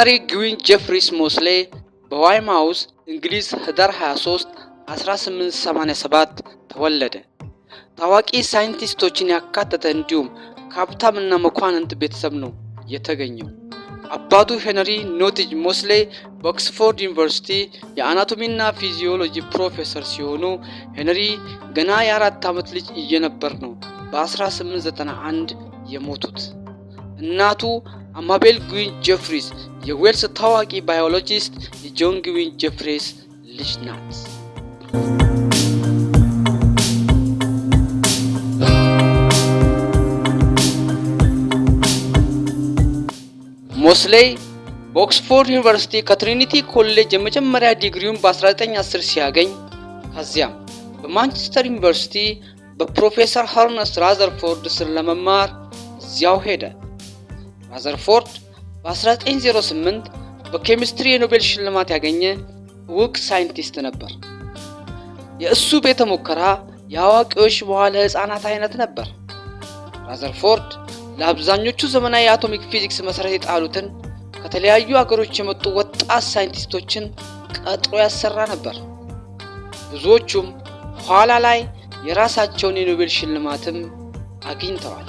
ሄንሪ ግዊን ጄፍሪስ ሞስሌ በዋይማውስ እንግሊዝ ህዳር 23 1887 ተወለደ። ታዋቂ ሳይንቲስቶችን ያካተተ እንዲሁም ከሀብታምና መኳንንት ቤተሰብ ነው የተገኘው። አባቱ ሄንሪ ኖቲጅ ሞስሌ በኦክስፎርድ ዩኒቨርሲቲ የአናቶሚና ፊዚዮሎጂ ፕሮፌሰር ሲሆኑ ሄንሪ ገና የአራት ዓመት ልጅ እየነበር ነው በ1891 የሞቱት። እናቱ አማቤል ግዊን ጀፍሪስ የዌልስ ታዋቂ ባዮሎጂስት የጆን ግዊን ጀፍሪስ ልጅ ናት። ሞስሌይ በኦክስፎርድ ዩኒቨርሲቲ ከትሪኒቲ ኮሌጅ የመጀመሪያ ዲግሪውን በ1910 ሲያገኝ ከዚያም በማንቸስተር ዩኒቨርሲቲ በፕሮፌሰር ሆርነስ ራዘርፎርድ ስር ለመማር እዚያው ሄደ። ራዘርፎርድ በ1908 በኬሚስትሪ የኖቤል ሽልማት ያገኘ እውቅ ሳይንቲስት ነበር። የእሱ ቤተ ሙከራ የአዋቂዎች መዋዕለ ሕፃናት አይነት ነበር። ራዘርፎርድ ለአብዛኞቹ ዘመናዊ የአቶሚክ ፊዚክስ መሠረት የጣሉትን ከተለያዩ አገሮች የመጡ ወጣት ሳይንቲስቶችን ቀጥሮ ያሰራ ነበር። ብዙዎቹም ኋላ ላይ የራሳቸውን የኖቤል ሽልማትም አግኝተዋል።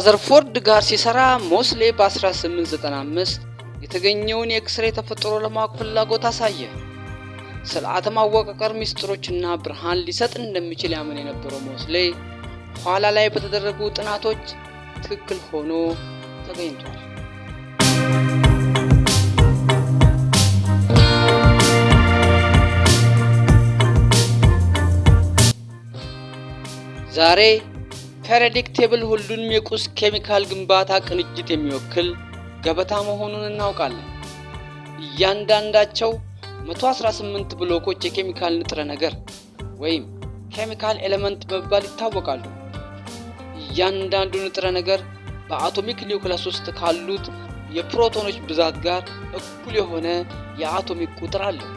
ከራዘርፎርድ ጋር ሲሰራ ሞስሌ በ1895 የተገኘውን የክስሬ ተፈጥሮ ለማወቅ ፍላጎት አሳየ። ስርዓተ ማወቃቀር ሚስጥሮችና ብርሃን ሊሰጥ እንደሚችል ያምን የነበረው ሞስሌ ኋላ ላይ በተደረጉ ጥናቶች ትክክል ሆኖ ተገኝቷል። ዛሬ ፕሬዲክቴብል ሁሉንም የቁስ ኬሚካል ግንባታ ቅንጅት የሚወክል ገበታ መሆኑን እናውቃለን። እያንዳንዳቸው 118 ብሎኮች የኬሚካል ንጥረ ነገር ወይም ኬሚካል ኤሌመንት በመባል ይታወቃሉ። እያንዳንዱ ንጥረ ነገር በአቶሚክ ኒውክለስ ውስጥ ካሉት የፕሮቶኖች ብዛት ጋር እኩል የሆነ የአቶሚክ ቁጥር አለው።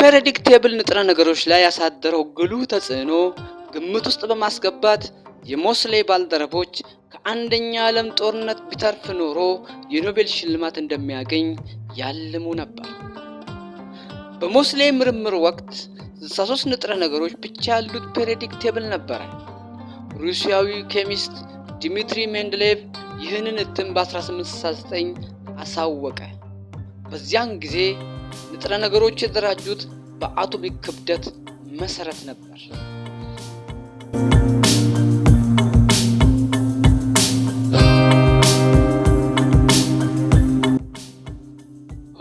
በፕሬዲክቴብል ንጥረ ነገሮች ላይ ያሳደረው ግሉህ ተጽዕኖ ግምት ውስጥ በማስገባት የሞስሌ ባልደረቦች ከአንደኛ ዓለም ጦርነት ቢተርፍ ኖሮ የኖቤል ሽልማት እንደሚያገኝ ያልሙ ነበር። በሞስሌ ምርምር ወቅት 63 ንጥረ ነገሮች ብቻ ያሉት ፕሬዲክቴብል ነበረ። ሩሲያዊ ኬሚስት ዲሚትሪ ሜንድሌቭ ይህንን እትም በ1869 አሳወቀ። በዚያን ጊዜ ንጥረ ነገሮች የተደራጁት በአቶሚክ ክብደት መሰረት ነበር።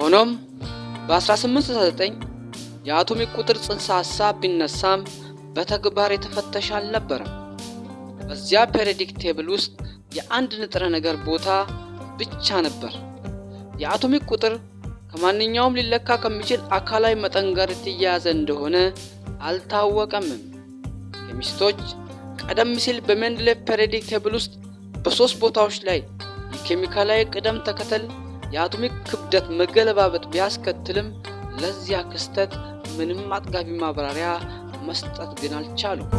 ሆኖም በ1899 የአቶሚክ ቁጥር ጽንሰ ሐሳብ ቢነሳም በተግባር የተፈተሸ አልነበረም። በዚያ ፔሬዲክ ቴብል ውስጥ የአንድ ንጥረ ነገር ቦታ ብቻ ነበር። የአቶሚክ ቁጥር ከማንኛውም ሊለካ ከሚችል አካላዊ መጠን ጋር የተያያዘ እንደሆነ አልታወቀምም። ኬሚስቶች ቀደም ሲል በሜንድሌቭ ፔሪዮዲክ ቴብል ውስጥ በሦስት ቦታዎች ላይ የኬሚካላዊ ቅደም ተከተል የአቶሚክ ክብደት መገለባበጥ ቢያስከትልም ለዚያ ክስተት ምንም አጥጋቢ ማብራሪያ መስጠት ግን አልቻሉም።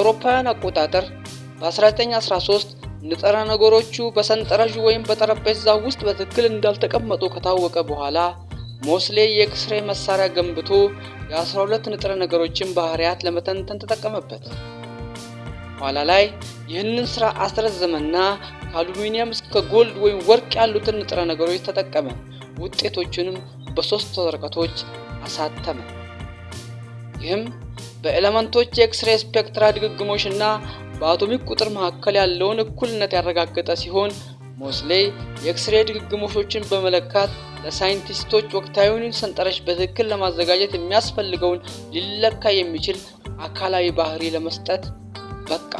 አውሮፓውያን አቆጣጠር በ1913 ንጥረ ነገሮቹ በሰንጠረዥ ወይም በጠረጴዛ ውስጥ በትክክል እንዳልተቀመጡ ከታወቀ በኋላ ሞስሌ የኤክስሬይ መሳሪያ ገንብቶ የ12 ንጥረ ነገሮችን ባህሪያት ለመተንተን ተጠቀመበት። ኋላ ላይ ይህንን ስራ አስረዘመና ከአሉሚኒየም እስከ ጎልድ ወይም ወርቅ ያሉትን ንጥረ ነገሮች ተጠቀመ። ውጤቶቹንም በሶስት ወረቀቶች አሳተመ። ይህም በኤለመንቶች የኤክስሬ ስፔክትራ ድግግሞሽ እና በአቶሚክ ቁጥር መካከል ያለውን እኩልነት ያረጋገጠ ሲሆን ሞስሌ የኤክስሬ ድግግሞሾችን በመለካት ለሳይንቲስቶች ወቅታዊውን ሰንጠረዥ በትክክል ለማዘጋጀት የሚያስፈልገውን ሊለካ የሚችል አካላዊ ባህሪ ለመስጠት በቃ።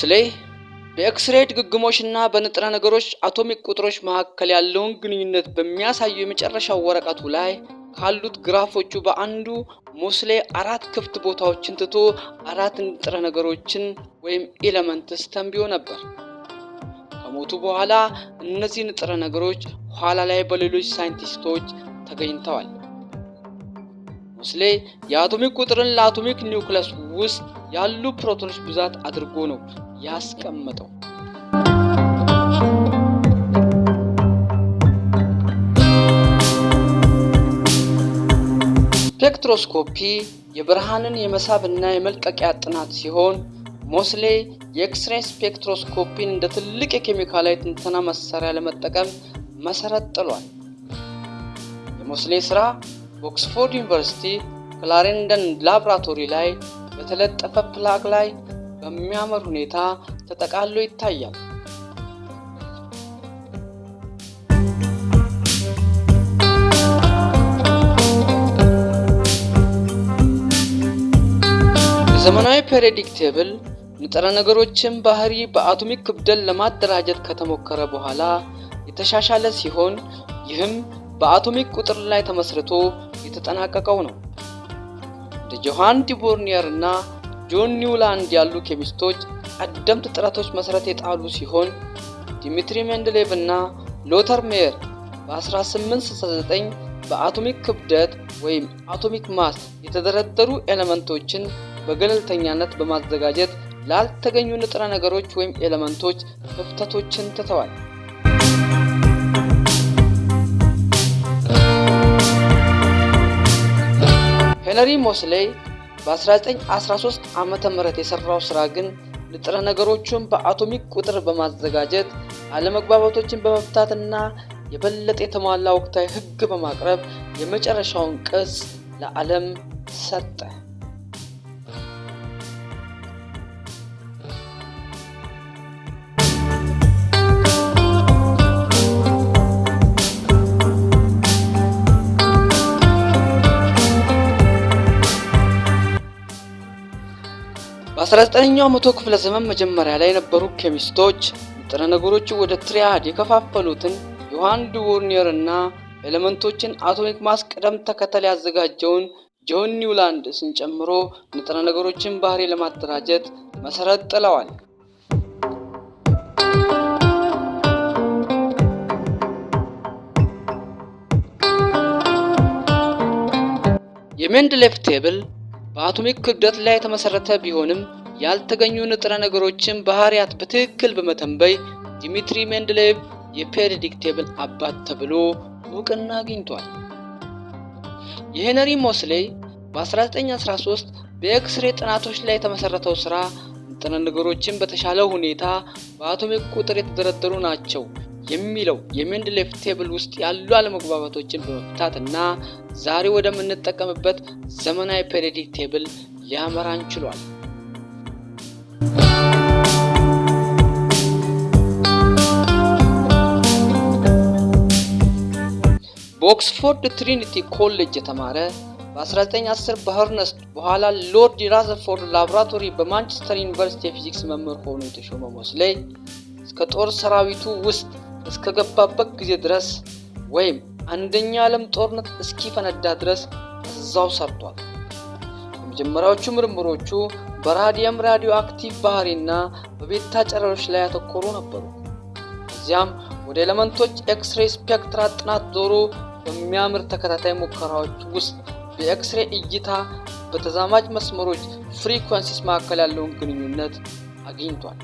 በኤክስሬ በኤክስሬይ እና በንጥረ ነገሮች አቶሚክ ቁጥሮች መካከል ያለውን ግንኙነት በሚያሳዩ የመጨረሻው ወረቀቱ ላይ ካሉት ግራፎቹ በአንዱ ሞስሌ አራት ክፍት ቦታዎችን ትቶ አራት ንጥረ ነገሮችን ወይም ኤለመንትስ ተንብዮ ነበር። ከሞቱ በኋላ እነዚህ ንጥረ ነገሮች ኋላ ላይ በሌሎች ሳይንቲስቶች ተገኝተዋል። ሞስሌ የአቶሚክ ቁጥርን ለአቶሚክ ኒውክለስ ውስጥ ያሉ ፕሮቶኖች ብዛት አድርጎ ነው ያስቀመጠው። ስፔክትሮስኮፒ የብርሃንን የመሳብና የመልቀቂያ ጥናት ሲሆን ሞስሌ የኤክስሬ ስፔክትሮስኮፒን እንደ ትልቅ የኬሚካላዊ ትንተና መሳሪያ ለመጠቀም መሰረት ጥሏል። የሞስሌ ስራ በኦክስፎርድ ዩኒቨርሲቲ ክላሬንደን ላብራቶሪ ላይ በተለጠፈ ፕላግ ላይ በሚያምር ሁኔታ ተጠቃሎ ይታያል። የዘመናዊ ፔሪዮዲክ ቴብል ንጥረ ነገሮችን ባህሪ በአቶሚክ ክብደት ለማደራጀት ከተሞከረ በኋላ የተሻሻለ ሲሆን ይህም በአቶሚክ ቁጥር ላይ ተመስርቶ የተጠናቀቀው ነው። እንደ ጆሃን ዲቦርኒየር እና ጆን ኒውላንድ ያሉ ኬሚስቶች ቀደምት ጥረቶች መሠረት የጣሉ ሲሆን ዲሚትሪ ሜንድሌቭ እና ሎተር ሜየር በ1869 በአቶሚክ ክብደት ወይም አቶሚክ ማስ የተደረደሩ ኤሌመንቶችን በገለልተኛነት በማዘጋጀት ላልተገኙ ንጥረ ነገሮች ወይም ኤሌመንቶች ክፍተቶችን ትተዋል። ሄነሪ ሞስሌይ በ1913 ዓ ም የሰራው ሥራ ግን ንጥረ ነገሮቹን በአቶሚክ ቁጥር በማዘጋጀት አለመግባባቶችን በመፍታትና የበለጠ የተሟላ ወቅታዊ ሕግ በማቅረብ የመጨረሻውን ቅጽ ለዓለም ሰጠ። በ19ኛው መቶ ክፍለ ዘመን መጀመሪያ ላይ የነበሩ ኬሚስቶች ንጥረ ነገሮች ወደ ትሪያድ የከፋፈሉትን ዮሐን ዱቡርኒየር እና ኤሌመንቶችን አቶሚክ ማስ ቅደም ተከተል ያዘጋጀውን ጆን ኒውላንድስን ጨምሮ ንጥረ ነገሮችን ባህሪ ለማደራጀት መሰረት ጥለዋል። የሜንድሌፍ ቴብል በአቶሚክ ክብደት ላይ የተመሰረተ ቢሆንም ያልተገኙ ንጥረ ነገሮችን ባህሪያት በትክክል በመተንበይ ዲሚትሪ ሜንድሌቭ የፔሪዮዲክ ቴብል አባት ተብሎ እውቅና አግኝቷል። የሄነሪ ሞስሌ በ1913 በኤክስሬ ጥናቶች ላይ የተመሰረተው ስራ ንጥረ ነገሮችን በተሻለ ሁኔታ በአቶሚክ ቁጥር የተደረደሩ ናቸው የሚለው የሜንድሌፍ ቴብል ውስጥ ያሉ አለመግባባቶችን በመፍታትና ዛሬ ወደምንጠቀምበት ዘመናዊ ፔሬዲክ ቴብል ሊያመራን ችሏል። በኦክስፎርድ ትሪኒቲ ኮሌጅ የተማረ በ1910 በኸርነስት በኋላ ሎርድ ራዘፎርድ ላቦራቶሪ በማንቸስተር ዩኒቨርሲቲ የፊዚክስ መምህር ሆኖ የተሾመ ሞስሌይ እስከ ጦር ሰራዊቱ ውስጥ እስከገባበት ጊዜ ድረስ ወይም አንደኛ ዓለም ጦርነት እስኪፈነዳ ድረስ እዛው ሰርቷል። የመጀመሪያዎቹ ምርምሮቹ በራዲየም ራዲዮ አክቲቭ ባህሪና በቤታ ጨረሮች ላይ ያተኮሩ ነበሩ። እዚያም ወደ ኤሌመንቶች ኤክስሬ ስፔክትራ ጥናት ዞሮ በሚያምር ተከታታይ ሙከራዎች ውስጥ በኤክስሬ እይታ በተዛማጅ መስመሮች ፍሪኩንሲስ መካከል ያለውን ግንኙነት አግኝቷል።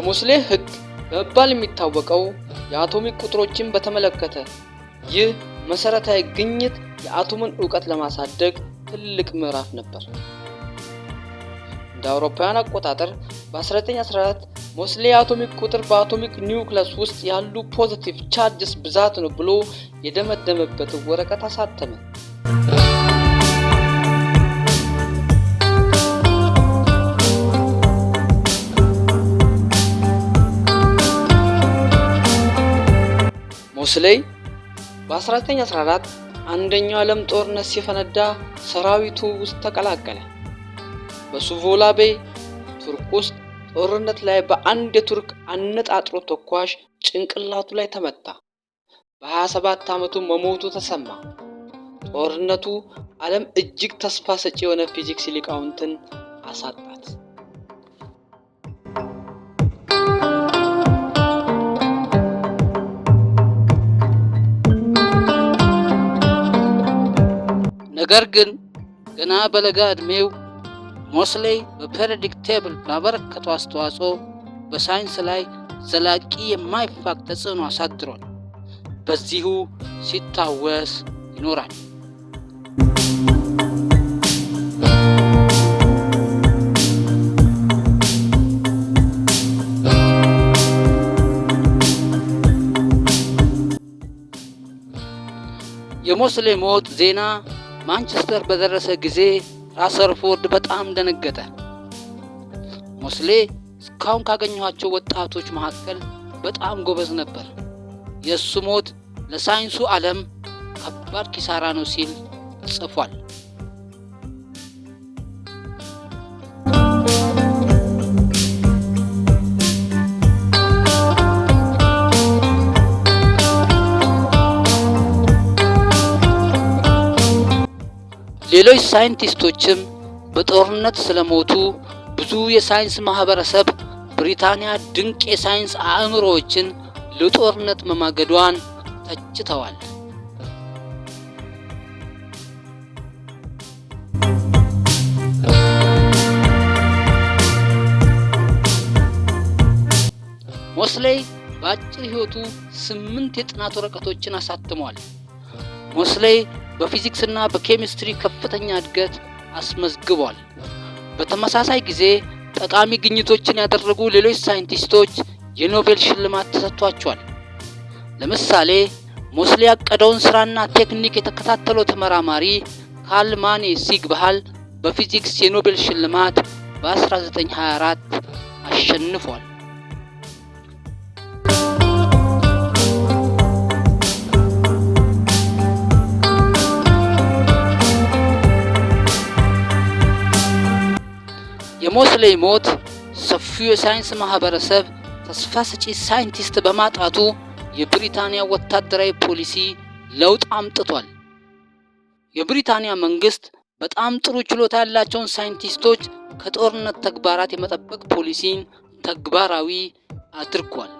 የሞስሌ ህግ በመባል የሚታወቀው የአቶሚክ ቁጥሮችን በተመለከተ ይህ መሰረታዊ ግኝት የአቶምን እውቀት ለማሳደግ ትልቅ ምዕራፍ ነበር። እንደ አውሮፓውያን አቆጣጠር በ1914 ሞስሌ የአቶሚክ ቁጥር በአቶሚክ ኒውክለስ ውስጥ ያሉ ፖዘቲቭ ቻርጅስ ብዛት ነው ብሎ የደመደመበትን ወረቀት አሳተመ። ሞስሌይ በ1914 አንደኛው ዓለም ጦርነት ሲፈነዳ ሰራዊቱ ውስጥ ተቀላቀለ። በሱቮላቤ ቱርክ ውስጥ ጦርነት ላይ በአንድ የቱርክ አነጣጥሮ ተኳሽ ጭንቅላቱ ላይ ተመታ። በ27 ዓመቱ መሞቱ ተሰማ። ጦርነቱ ዓለም እጅግ ተስፋ ሰጪ የሆነ ፊዚክስ ሊቃውንትን አሳጣት። ነገር ግን ገና በለጋ ዕድሜው ሞስሌይ በፕሬዲክቴብል ባበረከተው አስተዋጽኦ በሳይንስ ላይ ዘላቂ የማይፋቅ ተጽዕኖ አሳድሯል። በዚሁ ሲታወስ ይኖራል። የሞስሌ ሞት ዜና ማንቸስተር በደረሰ ጊዜ ራሰርፎርድ በጣም ደነገጠ። ሞስሌ እስካሁን ካገኘኋቸው ወጣቶች መካከል በጣም ጎበዝ ነበር። የእሱ ሞት ለሳይንሱ ዓለም ከባድ ኪሳራ ነው ሲል ጽፏል። ሌሎች ሳይንቲስቶችም በጦርነት ስለሞቱ ብዙ የሳይንስ ማህበረሰብ ብሪታንያ ድንቅ የሳይንስ አእምሮዎችን ለጦርነት መማገዷን ተችተዋል። ሞስሌይ በአጭር ሕይወቱ ስምንት የጥናት ወረቀቶችን አሳትሟል። ሞስሌይ በፊዚክስና በኬሚስትሪ ከፍተኛ እድገት አስመዝግቧል። በተመሳሳይ ጊዜ ጠቃሚ ግኝቶችን ያደረጉ ሌሎች ሳይንቲስቶች የኖቤል ሽልማት ተሰጥቷቸዋል። ለምሳሌ ሞስሊ ያቀደውን ስራና ቴክኒክ የተከታተለው ተመራማሪ ካል ማኔ ባህል በፊዚክስ የኖቤል ሽልማት በ1924 አሸንፏል። ደግሞ ሞት ሰፊው የሳይንስ ማህበረሰብ ተስፋ ሰጪ ሳይንቲስት በማጣቱ የብሪታንያ ወታደራዊ ፖሊሲ ለውጥ አምጥቷል። የብሪታንያ መንግስት በጣም ጥሩ ችሎታ ያላቸውን ሳይንቲስቶች ከጦርነት ተግባራት የመጠበቅ ፖሊሲን ተግባራዊ አድርጓል።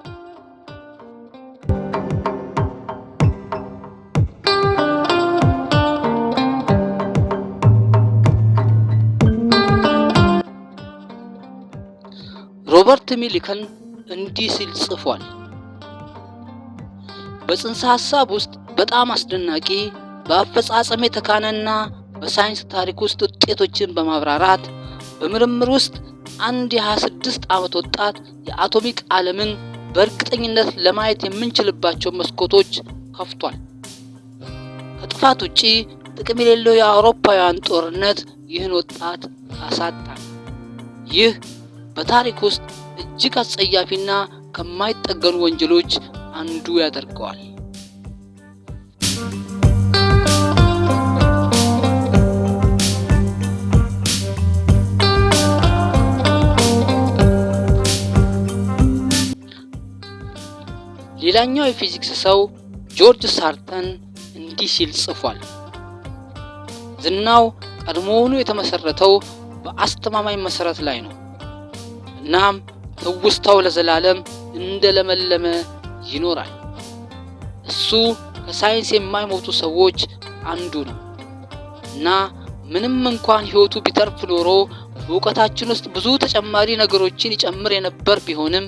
ሮበርት ሚሊከን እንዲህ ሲል ጽፏል። በጽንሰ ሐሳብ ውስጥ በጣም አስደናቂ በአፈጻጸም የተካነና በሳይንስ ታሪክ ውስጥ ውጤቶችን በማብራራት በምርምር ውስጥ አንድ የ26 ዓመት ወጣት የአቶሚክ ዓለምን በእርግጠኝነት ለማየት የምንችልባቸው መስኮቶች ከፍቷል። ከጥፋት ውጪ ጥቅም የሌለው የአውሮፓውያን ጦርነት ይህን ወጣት አሳጣል። ይህ በታሪክ ውስጥ እጅግ አስጸያፊና ከማይጠገኑ ወንጀሎች አንዱ ያደርገዋል። ሌላኛው የፊዚክስ ሰው ጆርጅ ሳርተን እንዲህ ሲል ጽፏል። ዝናው ቀድሞውኑ የተመሰረተው በአስተማማኝ መሰረት ላይ ነው። እናም ትውስታው ለዘላለም እንደለመለመ ይኖራል። እሱ ከሳይንስ የማይሞቱ ሰዎች አንዱ ነው እና ምንም እንኳን ህይወቱ ቢተርፍ ኖሮ በእውቀታችን ውስጥ ብዙ ተጨማሪ ነገሮችን ይጨምር የነበር ቢሆንም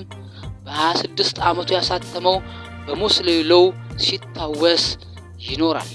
በ26 ዓመቱ ያሳተመው በሙስሌሎው ሲታወስ ይኖራል።